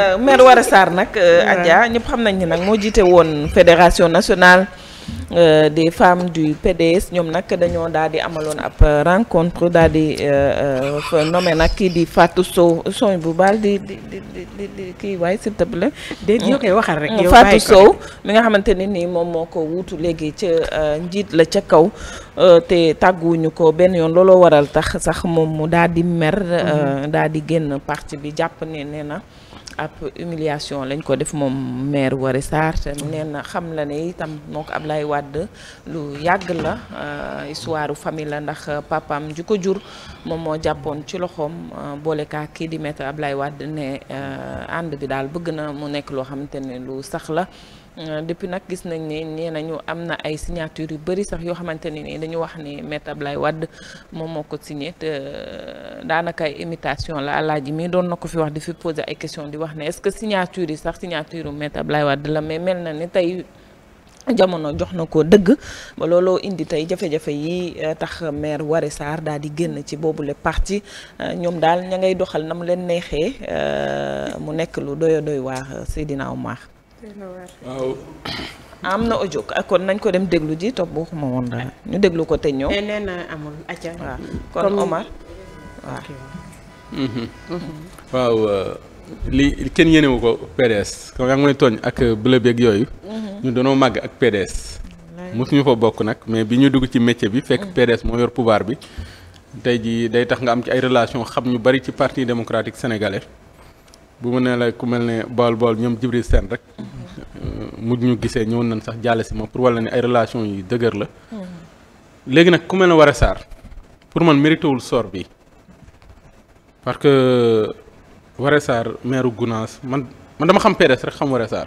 Euh, maire Wara Sarr nag euh, Adja ñëpp xam nañ ni nag moo jiite woon fédération nationale euh, des femmes du PDS ñoom nag dañoo daal di amaloon ab rencontre daal di nommé nag kii di Fatou Sow soñ bu baal di di di di di kii waay s'il te plaît koy waxal rek Fatou Sow mi nga xamante ne nii moom moo ko wuutu léegi ca njiit la ca kaw te tàgguwuñu ko benn yoon looloo waral tax sax moom mu daal di mer mm-hmm. daal di génn parti bi jàpp ne nee na ab humiliation lañ ko def moom maire Woré Sarr te na xam la ne itam moo ko Ablaye Wade lu yàgg la euh, histoire famille la ndax papam ju ko jur moom moo jàppoon ci loxoom euh, boole kii di ab Ablaye Wade ne euh, ànd bi daal bëgg na mu nekk loo xamante ne lu sax la Euh, depuis nag gis nañ ne nee nañu am na ay signature yu bëri sax yoo xamante ne ni dañu wax ne Maître Abdoulaye Wade moom moo ko signé te euh, daanaka ay imitation la alaaji mii doon na ko fi wax di fi poser ay question di wax ne est-ce que signature yi sax signature yu Maître Abdoulaye la mais mel na ne tey jamono jox na ko dëgg ba looloo indi tey jafe-jafe yi euh, tax maire Waré Sarr daal di génn ci boobu boobule parti ñoom daal ña ngay doxal na mu leen neexee mu nekk lu doy doy waar Seydina Omar waaw. am na audio ah, kon nañ ko dem déglu ji topp boo xuma woon dara ñu déglu ko te ñëw. Eh, na amul acca waaw kon Omar waaw. Mhm. Mhm. waaw euh, li kenn yéenewu ko PDS kon yaa ngi may tooñ ak bële beeg yooyu. Mhm. ñu danoo màgg ak mu mosuñu fa bokk nag mais bi ñu dugg ci métier bi fekk PDS moo yor pouvoir bi tey jii day tax nga am ci ay relation xam ñu bari ci parti démocratique sénégalais. bu ma nee lay ku mel ne bool bool ñoom Jibril Sène rek euh, mujj ñu gisee ñëwoon nañ sax jàll si ma pour wala ne ay relation yu dëgër la léegi nag ku mel ne Woré Sarr pour man mérité wul sor bi parce que Woré Sarr maire Gounass man man dama xam PDS rek xam Woré Sarr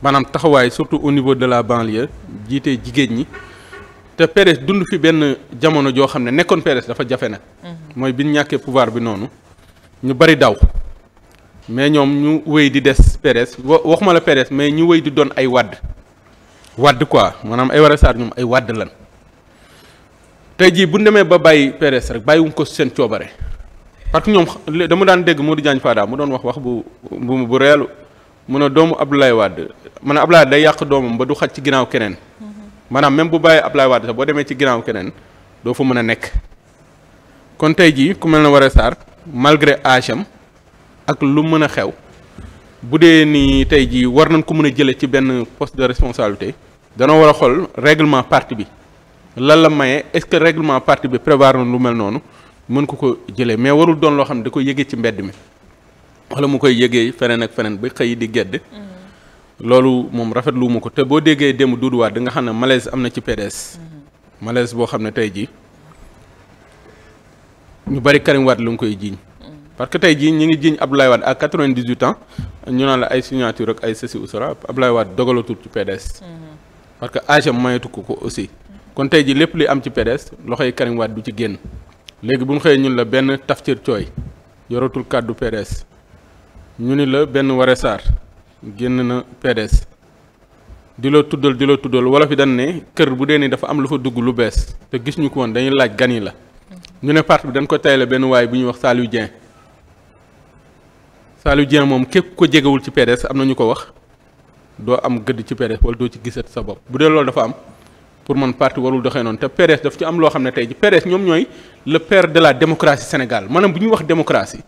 maanaam taxawaay surtout au niveau de la banlieue jiite jigéen ñi te PDS dund fi benn jamono joo xam ne nekkoon PDS dafa jafe na mhm. mooy bi ñu ñàkkee pouvoir bi noonu ñu bari daw mais ñoom ñu wéy di des PDS waxuma la PDS mais ñu wéy di doon ay wadd wadd quoi maanaam ay Aïwara Sarr ñoom ay wadd lan tey jii bu demee ba bàyyi PDS rek bàyyiwuñ ko seen coobare parce que ñoom dama daan dégg Modou Diagne Fada mu doon wax wax bu bu bu reelu mun a doomu Abdoulaye Wade ma ne Abdoulaye day yàq doomam ba du xaj ci ginnaaw keneen mm-hmm. maanaam même bu bàyyi Abdoulaye Wade sax boo demee ci ginnaaw keneen doo fa mën a nekk kon tey jii ku mel na Aïwara Sarr malgré âge ak lu mën a xew bu dee nii tey jii war nañ ko mën a jëlee ci benn poste de responsabilité dana war a xool règlement parti bi lan la maye est-ce que règlement parti bi prévoir na lu mel noonu mën ko ko jëlee mais warul doon loo xam ne di koy yëgee ci mbedd mi wala mu koy yëgee feneen ak feneen bi xëy di gedd mm-hmm. loolu moom rafetlu ma ko te boo déggee démb Doudou Wade nga xam ne malaise am na ci PDS mm-hmm. malaise boo xam ne tey jii ñu bari Karim Wade lu mu koy jii parce que tey jii ñi ngi jiiñ Abdoulaye Wade à quatre-vingt-dix-huit ans la ay signature ak ay ceci ou cela Abdoulaye Wade dogalatul ci PDS. Mhm. parce que âge am mayatu ko ko aussi. kon tey ji lépp li am ci PDS loxoy Karim Wade du ci génn léegi bu ñu xëyee ñun la benn taf Tafsir Thioye yoratul kàddu PDS ñu ni la benn Waré Sarr génn na PDS di la tuddal diloo tuddal wala fi dañ ne kër bu dee nii dafa am lu fa dugg lu bees te gis ñu ko woon dañuy laaj gani la mhm. ñu ne part bi dañ ko tayle benn waay bu ñuy wax Saliou Dieng. Saliou Dieng moom képp ko jegewul ci PDS am na ñu ko wax doo am gëdd ci PDS wala doo ci gisat sa bopp bu dee loolu dafa am pour man parti warul doxee noonu te PDS daf ci am loo xam ne tey ji PDS ñoom ñooy le père de la démocratie Sénégal maanaam bu ñuy wax démocratie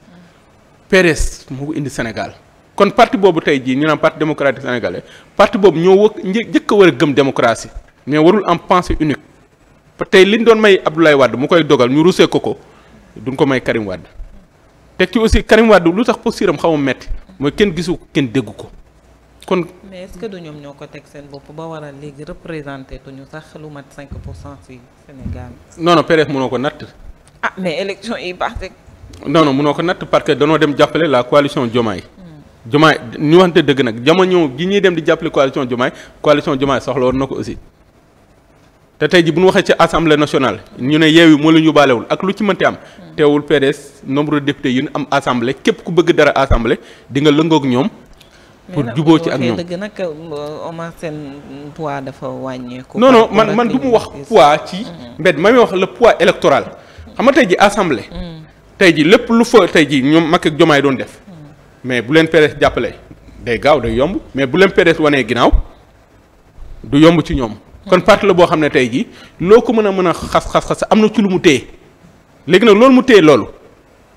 PDS moo ko indi Sénégal kon parti boobu tey jii ñu naan parti démocratique sénégalais parti boobu ñoo wëkk njëkk a war a gëm démocratie mais warul am pensée unique tey liñ doon may ko ko ko may Karim Wade. teg ci aussi Karim lu tax posiram xaw a metti mooy kenn gisu ko kenn dégg ko kon. mais est du ñoom ñoo ko teg seen bopp ba waral léegi représenté tuñu sax lu mat 5 pour cent ci Sénégal. non non PDS ko natt. ah mais élection yi baax rek. non non ko natt parce que danoo dem jàppale la coalition Diomaye. Diomaye ñu waxante dëgg nag jamono gi ñuy dem di jàppale coalition Diomaye coalition Diomaye soxla woon na ko aussi. te tey ji bu ñu waxee ci assemblée nationale ñu ne yeewi moo la ñu baalewul lu ci mënti teewul PDS nombre de députés yu ñu am assemblée képp ku bëgg dara assemblée di nga lëngoog ñoom. pour juboo ci ak ñoom dëgg nag euh, Omar seen poids dafa wàññeeku. non man man du mu wax poids ci. mbedd ma may wax le poids électoral. xam nga ji assemblée. Mm. tey ji lépp lu fo tey ji ñoom Macky ak Jomaay doon def. Mm. mais bu leen PDS jàppale day gaaw day yomb mais bu leen PDS wanee ginnaaw du yomb ci ñoom. Mm. kon parti la boo xam ne tey jii loo ko mën a mën a xas xas xas am na ci lu mu téye. léegi nag loolu mu téye loolu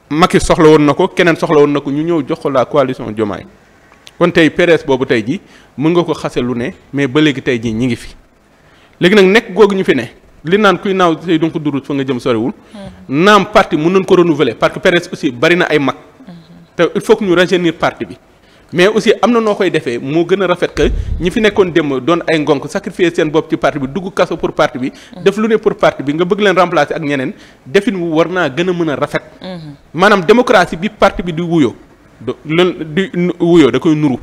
Macky soxla woon na ko keneen soxla woon na ko ñu ñëw jox ko la coalition Diomaye kon tey PDS boobu tey ji mën nga ko xase lu ne mais ba léegi tey ji ñi ngi fi léegi nag nekk googu ñu fi ne li naan kuy naaw tey donc durut fa nga jëm soriwul mm-hmm. naam parti mën nañ ko renouveler parce que PDS aussi bari na ay mag mm-hmm. te il faut ñu rajeunir parti bi mais aussi am na noo koy defee moo gën a rafet que ñi fi nekkoon démb doon ay ngonk sacrifier seen bopp ci parti bi dugg kaso pour parti bi. def lu ne pour parti bi nga bëgg leen remplacer ak ñeneen defin wu war naa gën a mën a rafet. Mhm. maanaam démocratie bi parti bi di wuyoo du di wuyoo da koy nuru.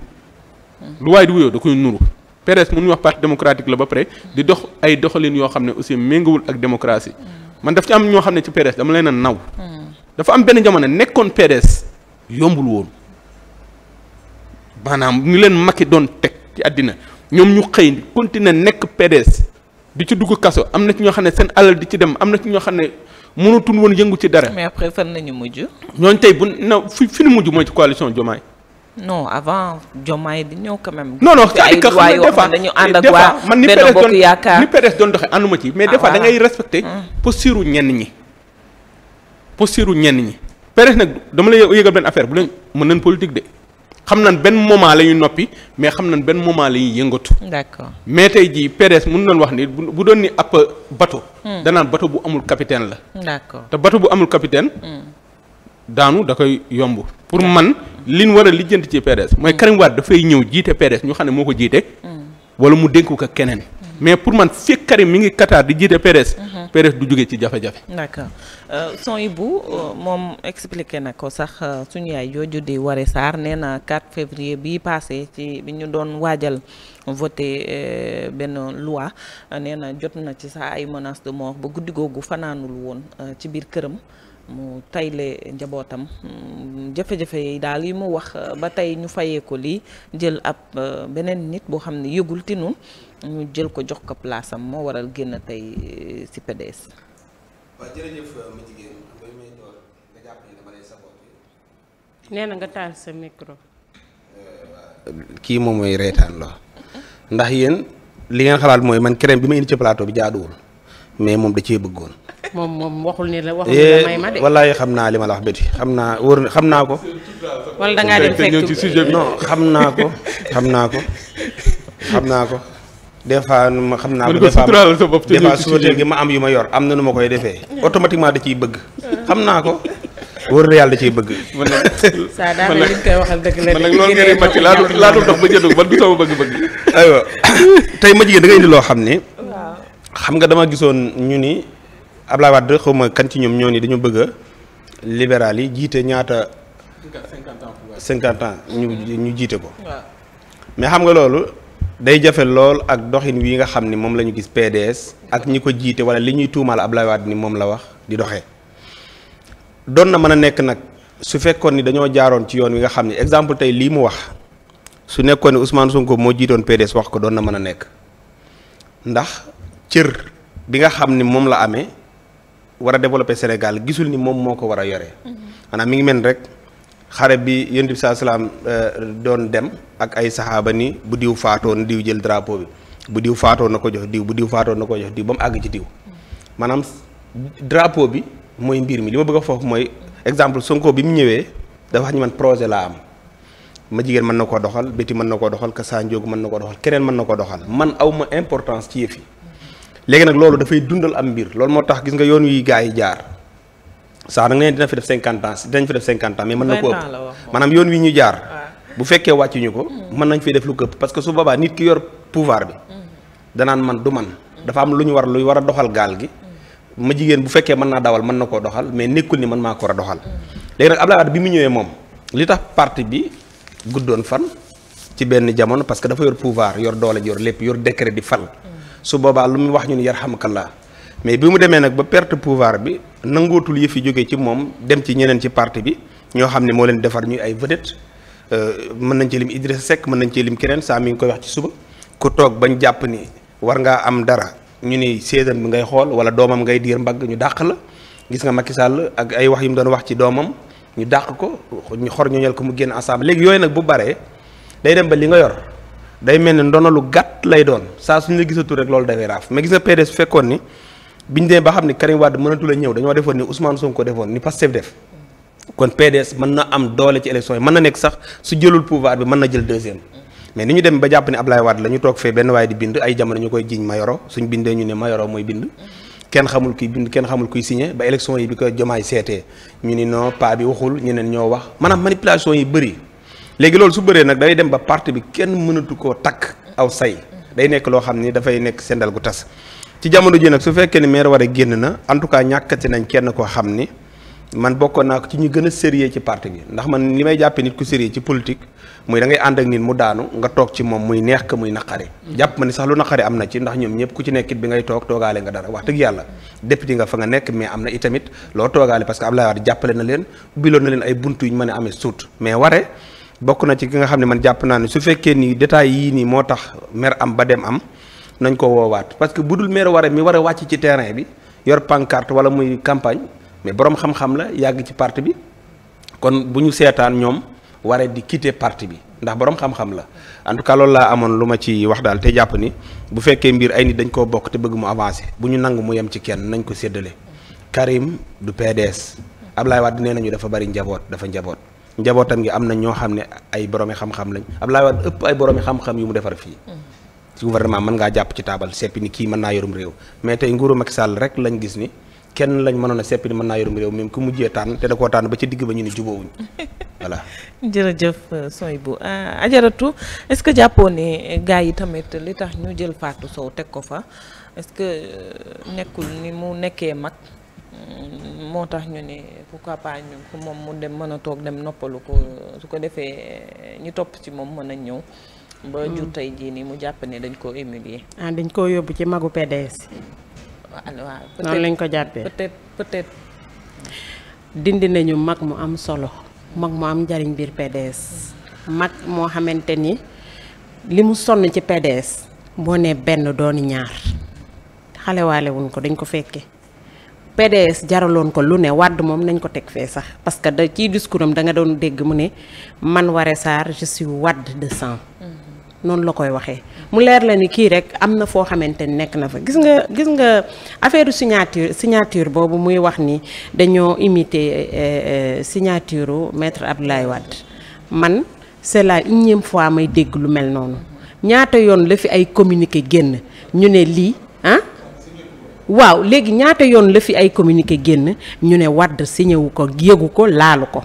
Mhm. lu waaye di wuyoo koy nuru. PDS mu ñu wax parti démocratique la ba pare di dox ay doxalin yoo xam ne aussi méngawul ak démocratie mhm. man daf ci am ñoo xam ne ci PDS dama leen a naw. dafa am benn jamono nekkoon PDS yombul woon. maanaam ñu leen Macky doon teg ci àddina ñoom ñu xëy continuer nekk PDS di ci dugg kaso am na ci ñoo xam ne seen alal di ci dem am na ci ñoo xam ne mënatuñ woon yëngu ci dara. mais après fan la ñu mujj. ñooñu tey bu na fi fi ñu mujj mooy ci coalition Diomaye. non avant Diomaye di ñëw quand même. non non c'est-à-dire que xam ànd ak waa man ni PDS doon ni PDS doon doxee ànduma ci. mais des ah, fois da ngay respecté mm. posture ñenn ñi posture ñenn ñi. PDS nag dama lay yëgal benn affaire bu leen mën nañ politique de. xam nañ benn moment la ñuy noppi mais xam nañ benn moment la ñuy yëngatu. d'accord mais tey jii PDS mun nañ wax ni bu doon ni ab bato. Hmm. danaan bato bu amul capitaine la. d'accord te bato bu amul capitaine. Hmm. daanu da koy yomb pour man li ñu war a lijjanti ci PDS. mooy hmm. Karim Wade dafay ñëw jiite PDS ñu xam ne moo ko jiite. wala mu dénku ko keneen. mais pour man fekk Karim mi ngi Qatar di jiite PDS. Mhm. PDS du jóge ci jafe-jafe. d'accord euh, son Ibou euh, moom expliqué na ko sax euh, suñu yaay jooju di ware saar nee na 4 février bii passé ci bi ñu doon waajal voté benn loi nee na jot na ci sa ay menaces de mort ba guddi googu fanaanul woon ci biir këram. mu tayle njabootam mm, jafe-jafe yi daal yi mu wax euh, ba tey ñu fayee ko lii jël ab euh, beneen nit boo xam ne yëgul tinu ñu jël ko jox ko place moo waral génn tey euh, ci PDS. waaw nga na nga taal sa micro. kii moom mooy reetaan la ndax yéen li ngeen xalaat mooy man crème bi ma indi ci plateau bi jaaduwul mais moom da cee bëggoon. moom moom waxul ni la waxul ni la eh, xam naa li ma la wax bëti xam naa wóor xam naa ko. wala da xam naa ko xam naa ko xam naa ko. des fois ma xam naa ko des fois sutura ma am yu ma yor am na nu ma koy defee automatiquement da ciy bëgg xam naa ko wóor na yàlla da ciy bëgg. saa daanaka li koy waxal dëgg la nag loolu ngeen màcc laa dul laa dul dox ba jëndu man du sama bëgg-bëgg. aywa tey ma jigéen da nga loo xam ne xam nga dama gisoon ñu nii Abdoulaye Wade xaw ma kan ci ñoom ñoo ni dañu bëgg a libéral yi jiite ñaata. 50 ans 50 ñu jiite ko. mais xam nga loolu day jafe lool ak doxin wi nga xam ni moom la ñu gis PDS ak ñi ko jiite wala li ñuy tuumaal Abdoulaye Wade ni moom la wax di doxee. doon na mën a nekk nag su fekkoon ni dañoo jaaroon ci yoon wi nga xam ni exemple tey lii mu wax su nekkoon ni Ousmane Sonko moo jiitoon PDS wax ko doon na mën a nekk ndax cër bi nga xam ni moom la amee. war a développer Sénégal gisul ni moom moo ko war a yore. maanaam mi ngi mel rek xare bi yonent bi saa euh, doon dem ak ay saxaaba ni bu diw faatoo na diw jël bi bu diw faatoo na ko jox diw bu diw faatoo na ko jox diw ba mu àgg ci diw. maanaam drapeau bi mooy mbir mi li ma bëgg a foofu mooy exemple Sonko bi mu ñëwee dafa wax ni man projet laa am. ma jigéen mën na koo doxal béti mën na koo doxal ka saa njóogu mën na ko doxal keneen mën na ko doxal man aw ma importance ci yëf yi léegi nag loolu dafay dundal am mbir loolu moo tax gis nga yoon wi gaa yi jaar sax nag nee dina fi def cinquante ans dinañ fi def cinquante ans mais mën na ko ëpp maanaam yoon wi ñu jaar bu fekkee wàccuñu ko hmm. mën nañ fi def lu këpp parce que su boobaa nit ki yor pouvoir bi hmm. danaan man du man hmm. dafa am lu ñu war lu war a doxal gaal gi ma jigéen bu fekkee mën naa dawal mën na koo doxal mais nekkul ni man maa ko war a doxal léegi nag Abdoulaye at bi mu ñëwee moom li tax parti bi guddoon fan ci benn jamono parce que dafa yor pouvoir yor doole yor lépp yor décret di fal su boobaa lu mu wax ñu ni yarhamkallah mais bi mu demee nag ba perte pouvoir bi nangootul yëf yi jógee ci moom dem ci ñeneen ci parti bi ñoo xam ne moo leen defar ñu ay vedette euh, mën nañ ci lim Idrissa Seck mën nañ ci lim keneen saa mi ngi koy wax ci suba ku toog bañ jàpp ni war ngaa am dara ñu ni séedan bi ngay xool wala doomam ngay diir mbagg ñu dàq la gis nga Macky Sall ak ay wax yu mu doon wax ci doomam ñu dàq ko ñu xor ñooñal ko mu génn assemblée léegi yooyu nag bu baree day dem ba li nga yor day mel ne ndono lu gàtt lay doon saa suñu la gisatul rek loolu dafay raaf mais gis nga PDS fekkoon ni biñ demee ba xam ni Karim Wade mënatul ñëw dañoo defoon ni Ousmane ko defoon ni Pastef def kon pedes mën na am doole ci élection yi mën na nekk sax su jëlul pouvoir bi mën na jël deuxième. mais ni ñu dem ba jàpp ne Ablaye Wade la ñu toog fee benn waaye di bind ay jamono ñu koy jiiñ Mayoro suñ bindee ñu ne Mayoro mooy bind. kenn xamul kuy bind kenn xamul kuy signé ba élection yi bi ko jomaay seetee ñu ni non pas bi waxul ñeneen ñoo wax maanaam manipulation yi bëri léegi loolu su bëree nag day dem ba parti bi kenn mënatu koo takk aw say day nekk loo xam ni dafay nekk sendal gu tas ci jamono ji nag su fekkee ni maire war génn na en tout cas ñàkkati nañ kenn koo xam ni man bokkoon naa ko ci ñu gën a sérieux ci parti bi ndax man li may jàppee nit ku sérieux ci politique muy da ngay ànd ak nit mu daanu nga toog ci moom muy neex ka muy naqari jàpp ma ni sax lu naqari am na ci ndax ñoom ñëpp ku ci nekkit bi ngay toog toogaale nga dara wax dëgg yàlla député nga fa nga am na itamit loo toogaale parce que Abdoulaye Wade jàppale leen ubbiloon leen ay buntu yu ñu mën a bokk na ci ki nga xam ne man jàpp naa ne su fekkee ni détails yii nii moo tax mer am ba dem am nañ ko woowaat parce que bu dul meer ware mi war wàcc ci terrain bi yor pancarte wala muy campagne mais borom xam-xam la yàgg ci parti bi kon bu ñu seetaan ñoom waree di quitter parti bi ndax borom xam-xam la en tout cas laa amoon lu ma ci wax daal te jàpp ni bu fekkee mbir ay nit dañ koo bokk te bëgg mu avancer bu ñu nangu mu yem ci kenn nañ ko séddale Karim du PDS Ablaye Wade nee nañu dafa bari njaboot dafa njaboot. njabootam gi am na ñoo xam ne ay boromi xam-xam lañ Abdoulaye Wade ëpp ay boromi xam-xam yu mu defar fii ci mm. gouvernement ngaa jàpp ci taabal seppi ni kii mën naa yorum réew mais tey nguuru Macky Sall rek lañ gis ni kenn lañ mënoon a seppi ni mën naa yorum réew même ku mujjee tànn te da koo tànn ba ci digg ba ñu ni jubóowuñ voilà jërëjëf euh, Sohaibou euh, Ajaratu est-ce que jàppoo ne gars yi tamit li tax ñu jël Fatou Sow teg ko fa est-ce que euh, nekkul ni mu nekkee mag moo tax pourquoi pas moom mu dem mën a toog dem noppalu ko su ko defee eh, ñu topp ci moom mën a ñëw. ba jur mm. tey jii nii mu jàpp dañ koo humilier. ah dañ koo yóbbu ci magu PDS. waaw lañ ko jàppee peut-être dindi nañu mag mu am solo mag mu am njariñ biir PDS. mag moo xamante ni li mu sonn ci PDS. boo nee benn dooni ñaar xalewaale wuñ ko dañ ko fekkee. PDS jaraloon ko lu ne wàdd moom nañ ko teg fee sax parce que da ci discours am da nga doon dégg mu ne man ware Sarr je suis wàdd de sang. Mm-hmm. noonu la koy waxee mu leer la ni kii rek am na foo xamante ni nekk na fa gis nga gis nga affaire signature signature boobu muy wax ni dañoo imiter eh, eh, signature u maître Abdoulaye Wade man c'est la unième fois may dégg lu mel noonu ñaata yoon la fi ay communiqué génn ñu ne lii ah, waaw léegi ñaata yoon la fi ay communiqué génn ñu ne wadd signé wu ko yëgu ko laalu ko.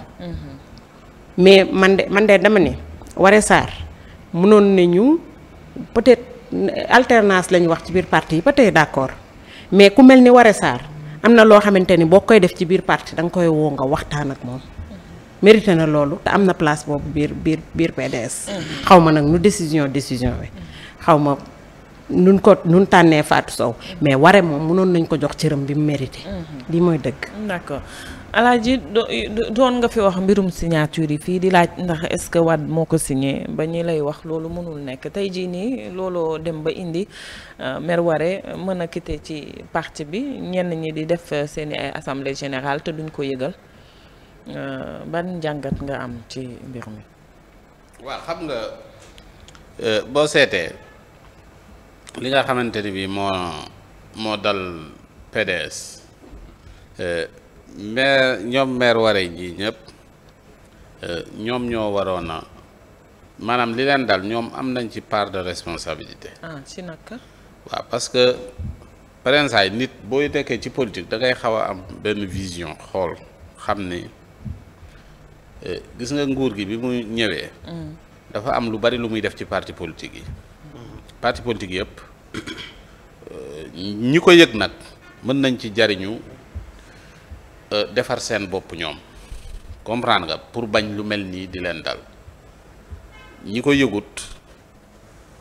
mais man de man de dama ne Waré Sarr mënoon nañu peut-être alternance lañu wax ci biir parti yi ba tey d'accord mais ku mel ni Waré Sarr am na loo xamante ni boo koy def ci biir parti da nga koy woo nga waxtaan ak moom. mérité na loolu te am na place boobu biir biir biir PDS. Mm-hmm. xaw ma nag nu décision décision bi xaw ma. nun ko nun tànnee Fatou Sow mais Waré moom mënoon nañ ko jox cëram bi mu mérité mhm. lii mooy dëgg d'accord Alaaji doon nga fi wax mbirum signature yi fii di laaj ndax est-ce que Wade moo ko signé ba ñu lay wax loolu mënul nekk tey jii nii looloo dem ba indi euh, maire Waré mën a quitté ci parti bi ñenn ñi di def euh, seeni i ay assemblée générale te duñ ko yëgal euh, ban jàngat nga am ci mbir mi. waaw xam nga boo seetee. li nga xamante ni bii moo moo dal PDS eh, maire ñoom maire waree ji ñëpp eh, ñoom ñoo waroon a maanaam li leen dal ñoom am nañ ci part de responsabilité. ah ci naka. parce que parents yi nit booy nekkee ci politique da ngay xaw a am benn vision xool xam ni eh, gis nga nguur gi bi mu ñëwee. Mm. dafa am lu bari lu muy def ci parti politique yi. parti politique yëpp ñi ko yëg nag mën nañ ci jariñu euh, defar seen bopp ñoom comprendre nga pour bañ lu mel nii di leen dal ñi ko yëgut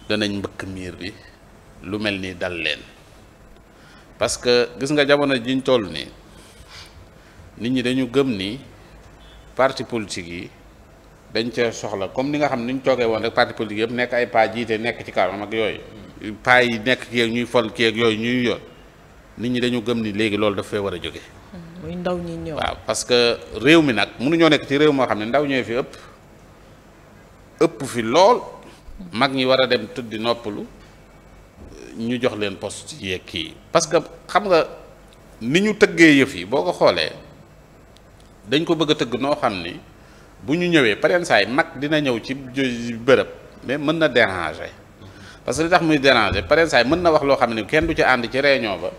danañ mbëkk miir bi lu mel nii dal leen parce que gis nga jamono jiñ toll nii nit ñi dañu gëm ni parti politique yi dañ cee soxla comme ni nga xam ni ñu toogee woon rek parti politique yëpp nekk ay paa jiite nekk ci kawam ak yooyu paa yi nekk kii ñuy fol ki ak yooyu ñuy yoon nit ñi dañu gëm ni léegi loolu dafa fee war a jóge muy ndaw ñëw waaw parce que réew mi nag mënuñoo nekk ci réew moo xam ne ndaw ñooy fi ëpp ëpp fi lool mag ñi war a dem tuddi noppalu ñu jox leen poste yeeg kii parce que xam nga ni ñu tëggee yëf yi boo ko xoolee dañ ko bëgg a tëgg noo xam ni bu ñu ñëwee pareen saay mag dina ñëw ci bërëb mais mën na déranger parce que li tax muy déranger pareen mën na wax loo xam ne kenn du ci ànd ci réunion ba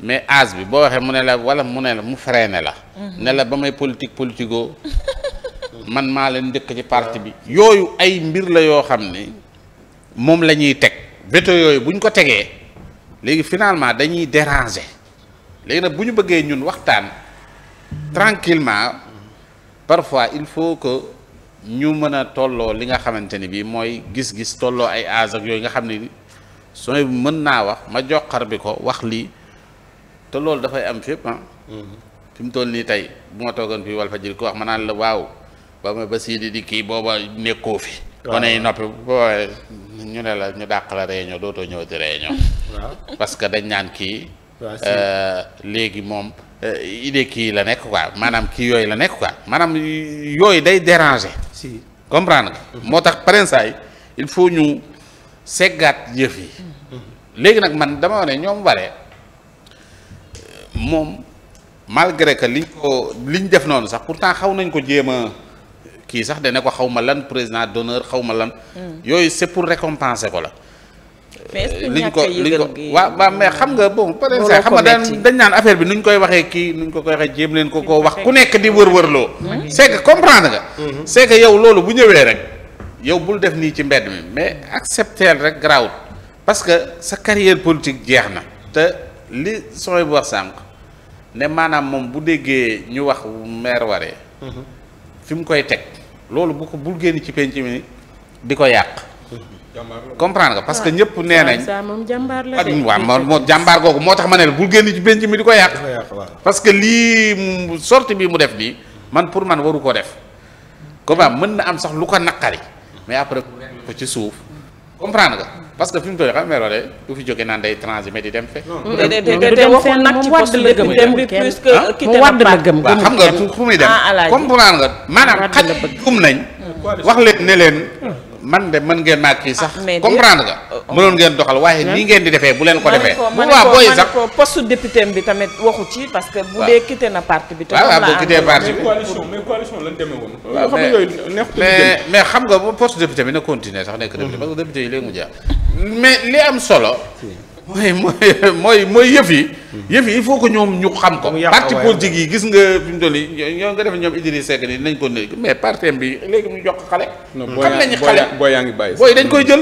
mais âge bi boo waxee mu ne la wala mu ne la mu freiné la. Mhm. ne la ba may politique politico man maa leen njëkk ci parti bi. yooyu ay mbir la yoo xam ne moom la ñuy teg béto yooyu bu ñu ko tegee léegi finalement dañuy déranger léegi nag bu ñu bëggee ñun waxtaan tranquillement parfois il faut que ñu mën a tolloo li nga xamante ni bii mooy gis-gis tolloo ay âge yooyu nga xam ne sooy mën naa wax ma joxar bi ko wax lii te loolu dafay am fépp ah. Mm-hmm. fi mu toll nii tey bu ma toogoon fii Walfadjri ko wax ma naan la waaw ba ma ba sii di di kii booba nekkoo fi. waaw kon ay noppi booba ñu ne la ñu dàq la réunion dootoo ñëw di réunion. waaw que dañ naan kii. Euh, léegi moom. Eh, idée kii la nekk quoi maanaam kii yooyu la nekk ko quoi maanaam yooyu day déranger. si comprendre nga. Mhm. moo tax parensaay il faut ñu seggaat yëf yi. Mhm. léegi nag man dama wax ne ñoom waree moom malgré que liñ ko liñ def noonu sax pourtant xaw nañ ko jéem a kii sax dana ko xaw ma lan président d'honneur xaw ma lan. Mhm. yooyu c'est pour récompenser ko la. mais est-ce que euh, ñàkk a yëgal gi waaw waaw mais xam nga boobu peut être xam nga daan dañ naan affaire bi nuñ koy waxee kii nuñ ko koy waxee jéem leen ko koo wax ku nekk di wër-wërloo. Hmm? c'est que comprendre nga. Hmm. c'est que yow loolu bu ñëwee rek yow bul def nii ci mbedd mi mais accepter rek garaawut parce que sa carrière politique jeex na. te li sooy bu wax sànq ne maanaam moom bu déggee ñu wax maire waree. Hmm. fi mu koy teg loolu bu ko bul génn ci penc mi di ko yàq. comprendre nga parce que ñëpp nee nañ. jàmbaar la de jàmbaar googu moo tax ma ne la bul génn ci benn mi di ko yàq. parce que lii sorte bi mu def nii man pour man waru ko def. comment mën na am sax lu ko naqari. mais après ko ci suuf. comprendre nga parce que fi mu toll xam nga loole du fi jóge naan day transhumé di dem fe. te mm, waxul nag ci poste fu muy dem ah, comprendre nga maanaam xaj gum nañ mm, wax leen ne leen. Mm. man de mën ngeen maa kii ah, sax comprendre nga oh, oh. mënoon ngeen doxal waaye nii ngeen di defee bu leen ko defee bu waa booy sax ko poste député bi tamit waxu ci parce que bu dee quitté na parti bi te waaw boo quitté mais xam nga yooyu neexut mais bi na continuer sax nekk député mm-hmm. parce que député yi léegi mu jeex mais li am solo mooy mooy mooy yëf yi. yëf yi il faut que ñoom ñu xam ko. parti politique yi gis nga fi mu toll nii ñoo nga def ñoom Idrissa Seck nii nañ ko néeg mais parti bi léegi mu jox xale. xam nañu booy yaa ngi bàyyi booy dañ koy jël.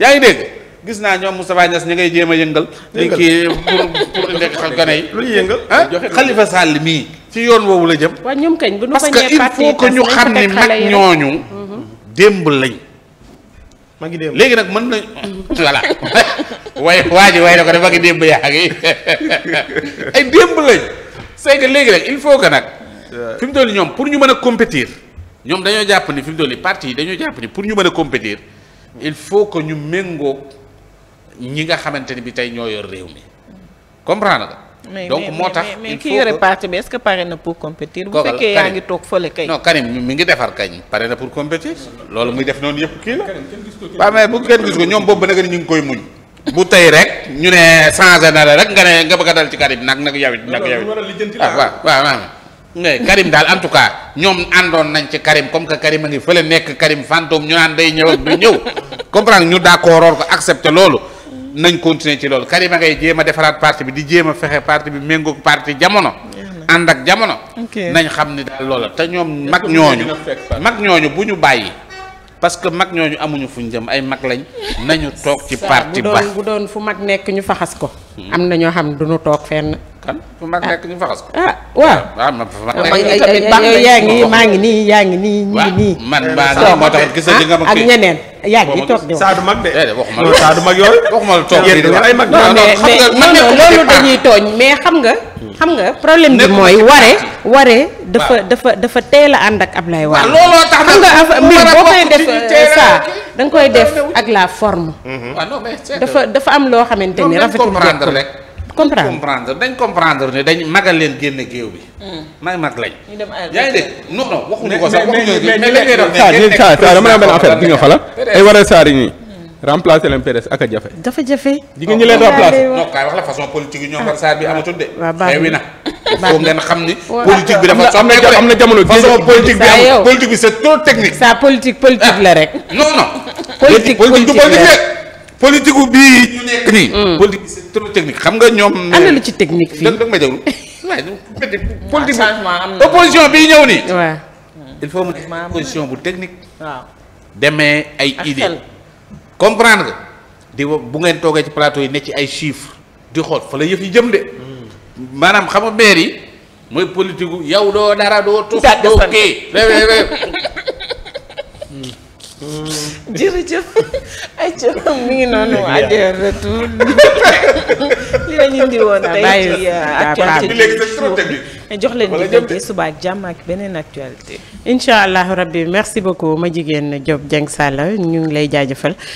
yaa ngi dégg. gis naa ñoom Moustapha Niass ñi ngay jéem a yëngal. yëngal kii pour pour nekk gane yi. lu ñuy yëngal ah Khalifa Sall mii. ci yoon woowu la jëm. waaw ñoom kañ bu ñu bañee parti parce que il faut que ñu xam ni mag ñooñu mhm. démb lañ ma ngi démb léegi nag mën nañ voilà waaye waa ji waaye na ko dafa ngi démb yaa ngi ay démb lañ c'est léegi rek il faut que nag fi mu toll ñoom pour ñu mën a compétir ñoom dañoo jàpp ni fi mu yi nii parti yi dañoo jàpp ni pour ñu mën a compétir il faut que ñu méngoog ñi nga xamante ni bi tey ñoo yor réew mi comprendre donc moo tax mais ki yore parti bi est-ce que pare na pour compétir. bu fekkee yaa ngi toog fële kay. non Karim mi ngi defar kañ pare na pour compétir loolu muy def noonu yëpp kii la. waaw mais bu kenn gis ko ñoom boobu ba ni ñu ngi koy muñ. bu tey rek ñu ne changé na la rek nga ne nga bëgg a dal ci Karim nag nag yawit nag yawit ah waaw waaw mais Karim daal en tout cas ñoom àndoon nañ ci Karim comme que Karim a ngi fële nekk Karim fantôme ñu naan day ñëw ak du ñëw comprendre ñu d'accord loolu. nañ continuer ci loolu Karima ngay jéem a defaraat parti bi di jéema a fexe parti bi méngoog parti jamono. ànd ak jamono. nañ xam ni daal loola te ñoom mag ñooñu. mag ñooñu bu ñu bàyyi. parce que mag ñooñu amuñu fuñ jëm ay mag lañ nañu toog ci parti ba bu doon bu fu mag nekk ñu faxas ko. Hmm. am na ñoo xam duñu toog fenn. kan fu mag nekk ñu faxas ko. ah waaw ah, ah, yaa ngi maa ngi nii yaa ngi nii nii nii. man maa moo tax gis nga ah, ak ñeneen. yaa ngi toog de saadu mag de. waxuma la saadu mag yooyu. mais loolu dañuy tooñ mais xam nga. xam nga problème bi mooy ware. ware dafa dafa dafa teel a ànd ak ab Wade. waaw tax xam nga mbir boo koy def saa da koy def ak la forme. dafa dafa am loo xamante ni rafetlu rek. comprendre comprendre dañ comprendre ne dañ magal leen génne géew bi. Hmm. may mag lañ. ñu ko sax waxuñu ko mais mais mais mais saa saa dama la benn a saar a jafe. Hmm. Oh, façon politique ah. bi na foo ngeen am na bi am trop technique. sa politique politique la rek. Ah. non non. politique politique la politique bii ñu nekk nii. Mm. Mm. politique trop technique xam nga ñoom. am na lu ci technique fii dëgg may déglu. waaye politique opposition bii ñëw nii. waaw il faut mu nekk opposition bu technique. waaw demee ay idée comprendre nga bu ngeen toogee ci plateau yi ne ci ay chiffres di xool fa la yëf yi jëm de. Mm. maanaam xam nga yi mooy politique yow doo dara doo. tus doo kii Mm. jërëjëf ayca mi ngi noonu. Adja retour li la ñu indi woon tey ci euh, actualité bi jox leen diggante suba ak jàmm ak beneen actualité. incha allah bi merci beaucoup ma jigéen Diop Dieng Sall ñu ngi lay jaajëfal